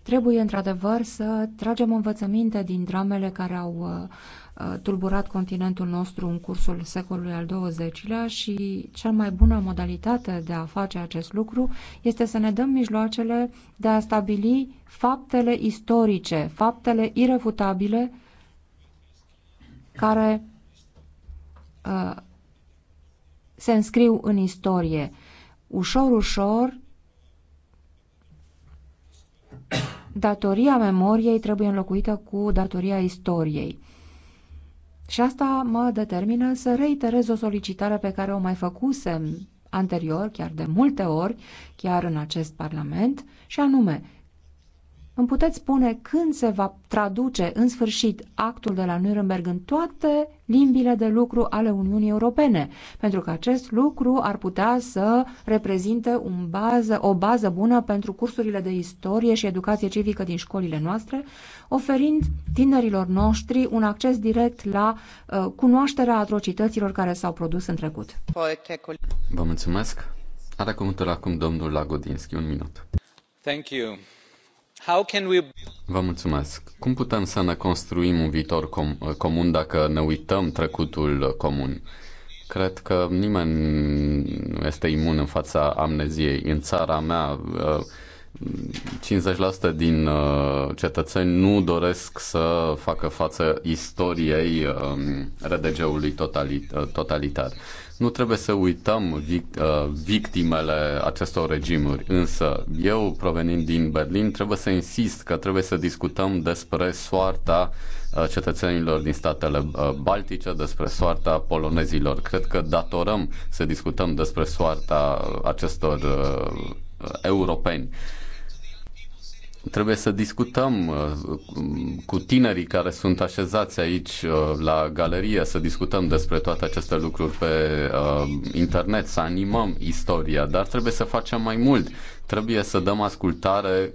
Trebuie, într-adevăr, să tragem învățăminte din dramele care au uh, uh, tulburat continentul nostru în cursul secolului al XX-lea și cea mai bună modalitate de a face acest lucru este să ne dăm mijloacele de a stabili faptele istorice, faptele irefutabile care uh, se înscriu în istorie. Ușor, ușor, datoria memoriei trebuie înlocuită cu datoria istoriei. Și asta mă determină să reiterez o solicitare pe care o mai făcusem anterior, chiar de multe ori, chiar în acest Parlament, și anume îmi puteți spune când se va traduce în sfârșit actul de la Nuremberg în toate limbile de lucru ale Uniunii Europene, pentru că acest lucru ar putea să reprezinte un bază, o bază bună pentru cursurile de istorie și educație civică din școlile noastre, oferind tinerilor noștri un acces direct la uh, cunoașterea atrocităților care s-au produs în trecut. Vă mulțumesc. Are cuvântul acum domnul Lagodinski. Un minut. Thank you. Vă mulțumesc. Cum putem să ne construim un viitor com- comun dacă ne uităm trecutul comun? Cred că nimeni nu este imun în fața amneziei. În țara mea, 50% din uh, cetățeni nu doresc să facă față istoriei um, RDG-ului uh, totalitar. Nu trebuie să uităm uh, victimele acestor regimuri, însă eu, provenind din Berlin, trebuie să insist că trebuie să discutăm despre soarta uh, cetățenilor din statele uh, baltice, despre soarta polonezilor. Cred că datorăm să discutăm despre soarta acestor europeni. Trebuie să discutăm uh, cu tinerii care sunt așezați aici uh, la galerie, să discutăm despre toate aceste lucruri pe uh, internet, să animăm istoria, dar trebuie să facem mai mult. Trebuie să dăm ascultare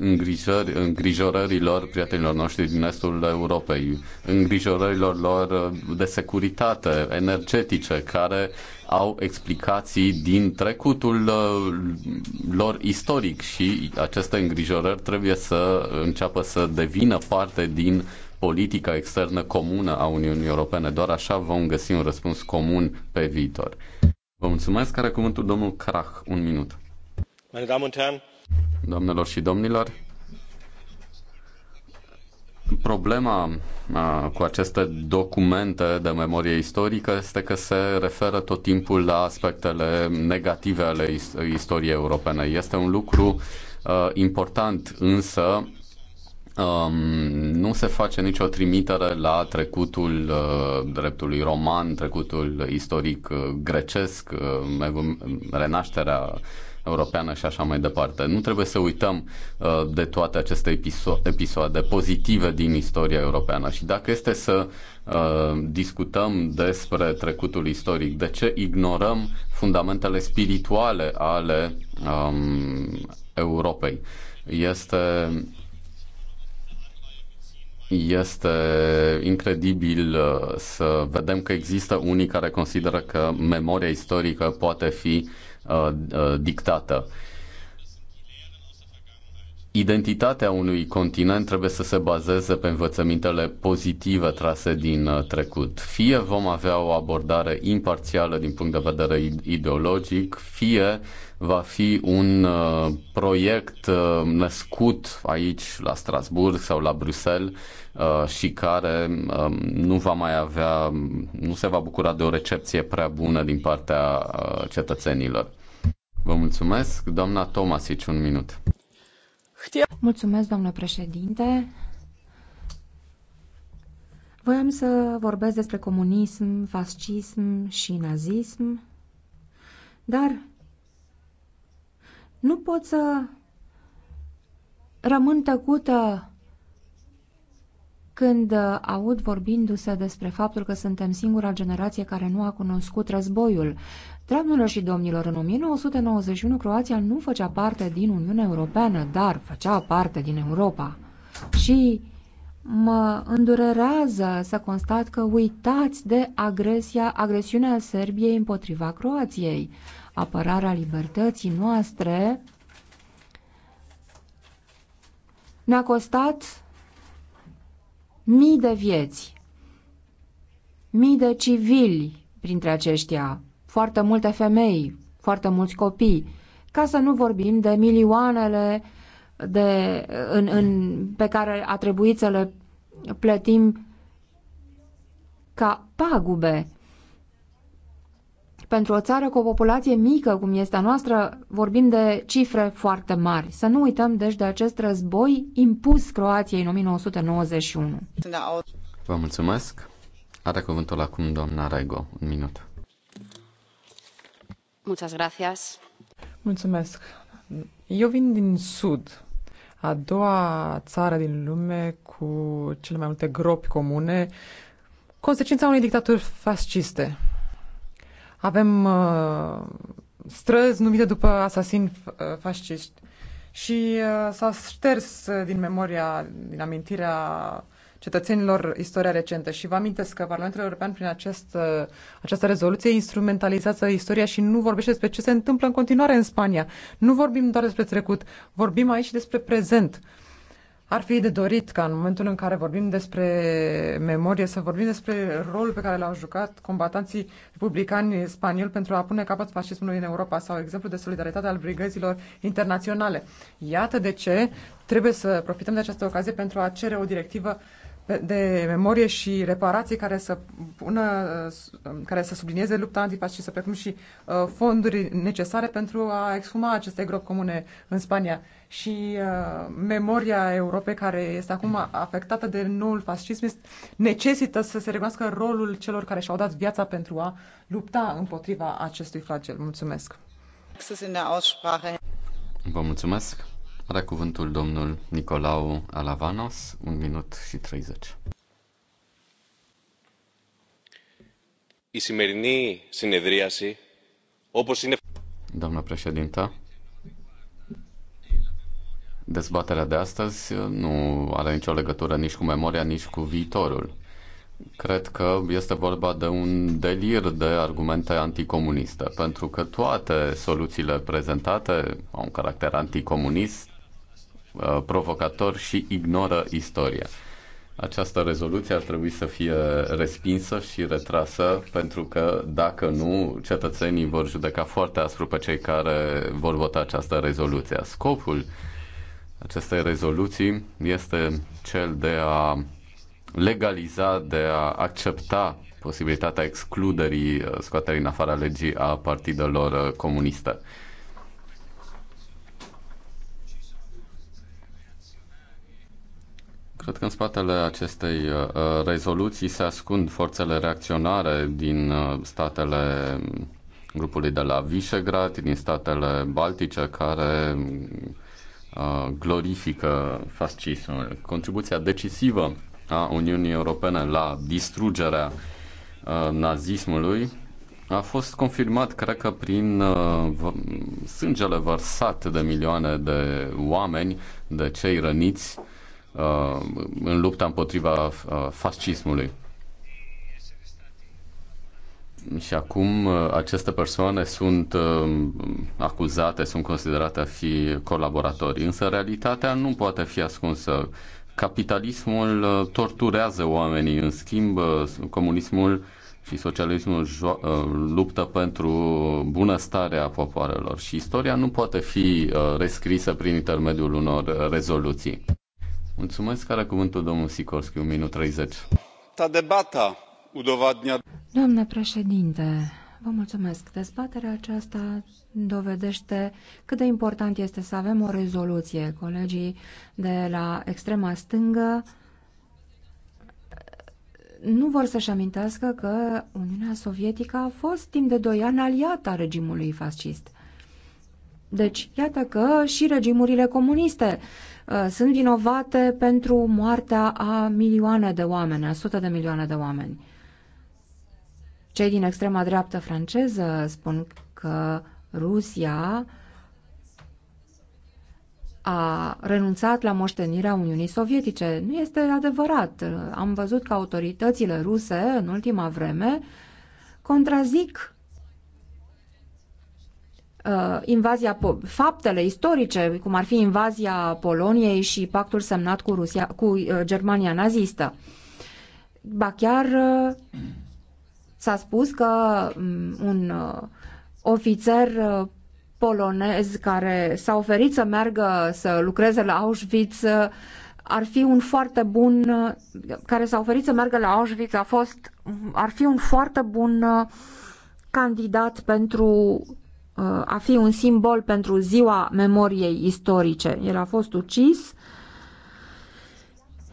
îngrijorărilor prietenilor noștri din estul Europei, îngrijorărilor lor de securitate, energetice, care au explicații din trecutul uh, lor istoric și aceste îngrijorări trebuie să înceapă să devină parte din politica externă comună a Uniunii Europene. Doar așa vom găsi un răspuns comun pe viitor. Vă mulțumesc. Care cuvântul domnul Krach? Un minut. Doamnelor și domnilor, problema cu aceste documente de memorie istorică este că se referă tot timpul la aspectele negative ale istoriei europene. Este un lucru important, însă Um, nu se face nicio trimitere la trecutul uh, dreptului roman, trecutul istoric uh, grecesc, uh, renașterea Europeană și așa mai departe. Nu trebuie să uităm uh, de toate aceste episo- episoade pozitive din istoria europeană și dacă este să uh, discutăm despre trecutul istoric, de ce ignorăm fundamentele spirituale ale um, Europei? Este este incredibil uh, să vedem că există unii care consideră că memoria istorică poate fi Uh, uh, dictată identitatea unui continent trebuie să se bazeze pe învățămintele pozitive trase din uh, trecut. Fie vom avea o abordare imparțială din punct de vedere ideologic, fie va fi un uh, proiect uh, născut aici la Strasburg sau la Bruxelles și care um, nu va mai avea, nu se va bucura de o recepție prea bună din partea cetățenilor. Vă mulțumesc, doamna Tomasici, un minut. Mulțumesc, domnule președinte. Voiam să vorbesc despre comunism, fascism și nazism, dar nu pot să rămân tăcută când aud vorbindu-se despre faptul că suntem singura generație care nu a cunoscut războiul, Doamnelor și domnilor, în 1991 Croația nu făcea parte din Uniunea Europeană, dar făcea parte din Europa. Și mă îndurerează să constat că uitați de agresia, agresiunea Serbiei împotriva Croației. Apărarea libertății noastre ne-a costat mii de vieți, mii de civili printre aceștia, foarte multe femei, foarte mulți copii, ca să nu vorbim de milioanele de, în, în, pe care a trebuit să le plătim ca pagube. Pentru o țară cu o populație mică, cum este a noastră, vorbim de cifre foarte mari. Să nu uităm, deci, de acest război impus Croației în 1991. Vă mulțumesc. Are cuvântul acum doamna Rego. Un minut. Mulțumesc. Eu vin din Sud, a doua țară din lume cu cele mai multe gropi comune, consecința unei dictaturi fasciste. Avem uh, străzi numite după asasini uh, fasciști și uh, s au șters uh, din memoria, din amintirea cetățenilor istoria recentă. Și vă amintesc că Parlamentul European, prin acest uh, această rezoluție, instrumentalizează istoria și nu vorbește despre ce se întâmplă în continuare în Spania. Nu vorbim doar despre trecut, vorbim aici despre prezent. Ar fi de dorit ca în momentul în care vorbim despre memorie să vorbim despre rolul pe care l-au jucat combatanții republicani spanioli pentru a pune capăt fascismului în Europa sau exemplu de solidaritate al brigăzilor internaționale. Iată de ce trebuie să profităm de această ocazie pentru a cere o directivă uh, de memorie și reparații care să pună, uh, care să sublinieze lupta antifascistă, precum și uh, fonduri necesare pentru a exhuma aceste gropi comune în Spania și uh, memoria Europei care este acum afectată de noul fascism necesită să se recunoască rolul celor care și-au dat viața pentru a lupta împotriva acestui flagel. Mulțumesc! Vă mulțumesc! Are cuvântul domnul Nicolau Alavanos, un minut și 30. Η σημερινή συνεδρίαση, όπως είναι... Doamna președintă, dezbaterea de astăzi nu are nicio legătură nici cu memoria, nici cu viitorul. Cred că este vorba de un delir de argumente anticomuniste, pentru că toate soluțiile prezentate au un caracter anticomunist Uh, provocator și ignoră istoria. Această rezoluție ar trebui să fie respinsă și retrasă, pentru că dacă nu, cetățenii vor judeca foarte aspru pe cei care vor vota această rezoluție. Scopul acestei rezoluții este cel de a legaliza, de a accepta posibilitatea excluderii, uh, scoaterii în afara legii a partidelor uh, comuniste. Cred că în spatele acestei uh, uh, rezoluții se ascund forțele reacționare din uh, statele grupului de la Visegrad, din statele baltice, care glorifică fascismul. Contribuția decisivă a Uniunii Europene la distrugerea nazismului a fost confirmat, cred că, prin sângele vărsat de milioane de oameni, de cei răniți Uh, în lupta împotriva uh, fascismului. Și acum uh, aceste persoane sunt acuzate, sunt considerate a fi colaboratori. Însă realitatea nu poate fi ascunsă. Capitalismul torturează oamenii, în schimb comunismul și socialismul luptă pentru bunăstarea popoarelor și istoria nu poate fi rescrisă prin intermediul unor rezoluții. Mulțumesc, care cuvântul domnul Sikorski, 1 minut 30. Ta debata udowadnia... Doamnă președinte, Vă mulțumesc. Dezbaterea aceasta dovedește cât de important este să avem o rezoluție. Colegii de la extrema stângă nu vor să-și amintească că Uniunea Sovietică a fost timp de doi ani aliată a regimului fascist. Deci, iată că și regimurile comuniste uh, sunt vinovate pentru moartea a milioane de oameni, a sute de milioane de oameni. Cei din extrema dreaptă franceză spun că Rusia a renunțat la moștenirea Uniunii Sovietice. Nu este adevărat. Am văzut că autoritățile ruse, în ultima vreme, contrazic uh, invazia, faptele istorice, cum ar fi invazia Poloniei și pactul semnat cu, Rusia, cu uh, Germania nazistă. Ba chiar uh, s-a spus că um, un uh, ofițer uh, polonez care s-a oferit să meargă să lucreze la Auschwitz uh, ar fi un foarte bun uh, care s-a oferit să meargă la Auschwitz a fost ar fi un foarte bun uh, candidat pentru a fi un simbol pentru ziua memoriei istorice. El a fost ucis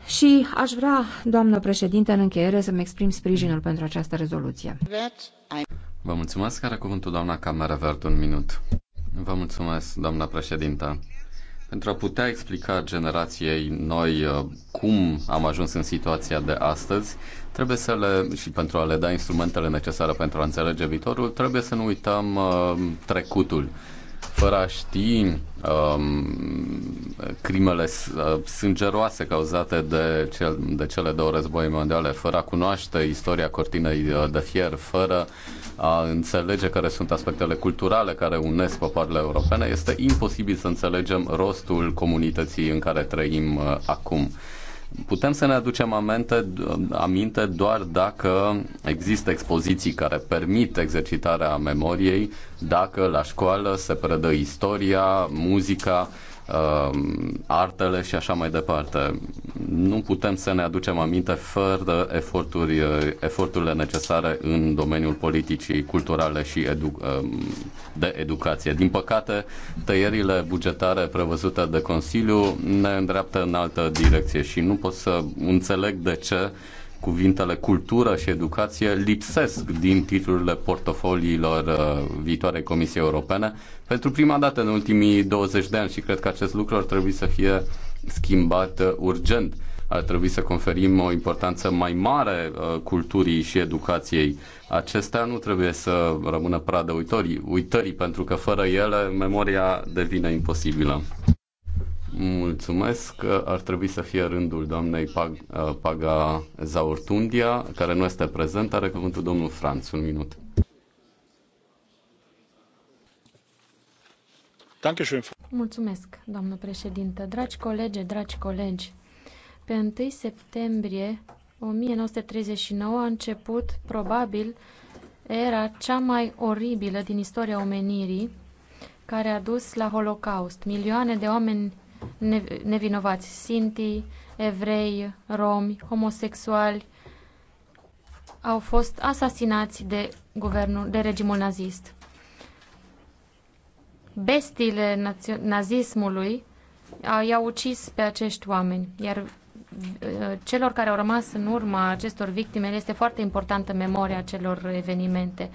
și aș vrea, doamnă președinte, în încheiere să-mi exprim sprijinul pentru această rezoluție. Vă mulțumesc. Care cuvântul doamna Camera Verde un minut? Vă mulțumesc, doamna președintă. Pentru a putea explica generației noi uh, cum am ajuns în situația de astăzi, Trebuie să le, și pentru a le da instrumentele necesare pentru a înțelege viitorul, trebuie să nu uităm uh, trecutul. Fără a ști um, crimele uh, sângeroase cauzate de, cel, de cele două războaie mondiale, fără a cunoaște istoria cortinei uh, de fier, fără a înțelege care sunt aspectele culturale care unesc popoarele europene, este imposibil să înțelegem rostul comunității în care trăim uh, acum putem să ne aducem aminte, aminte doar dacă există expoziții care permit exercitarea memoriei, dacă la școală se predă istoria, muzica, Um, artele și așa mai departe. Nu putem să ne aducem aminte fără eforturi, uh, eforturile necesare în domeniul politicii culturale și edu- um, de educație. Din păcate, tăierile bugetare prevăzute de Consiliu ne îndreaptă în altă direcție și nu pot să înțeleg de ce cuvintele cultură și educație lipsesc din titlurile portofoliilor uh, viitoare Comisie Europene pentru prima dată în ultimii 20 de ani și cred că acest lucru ar trebui să fie schimbat uh, urgent. Ar trebui să conferim o importanță mai mare uh, culturii și educației. Acestea nu trebuie să rămână pradă uitării, uitării pentru că fără ele memoria devine imposibilă. Mulțumesc. Ar trebui să fie rândul doamnei Pag- uh, Paga Zaurtundia, care nu este prezent. Are cuvântul domnul Franț. Un minut. Mulțumesc, doamnă președintă. Dragi colegi, dragi colegi, pe 1 septembrie 1939 a început, probabil, era cea mai oribilă din istoria omenirii, care a dus la Holocaust. Milioane de oameni nevinovați, sinti, evrei, romi, homosexuali, au fost asasinați de, guvernul, de regimul nazist. Bestiile nazismului i-au ucis pe acești oameni, iar uh, celor care au rămas în urma acestor victime este foarte importantă memoria acelor evenimente.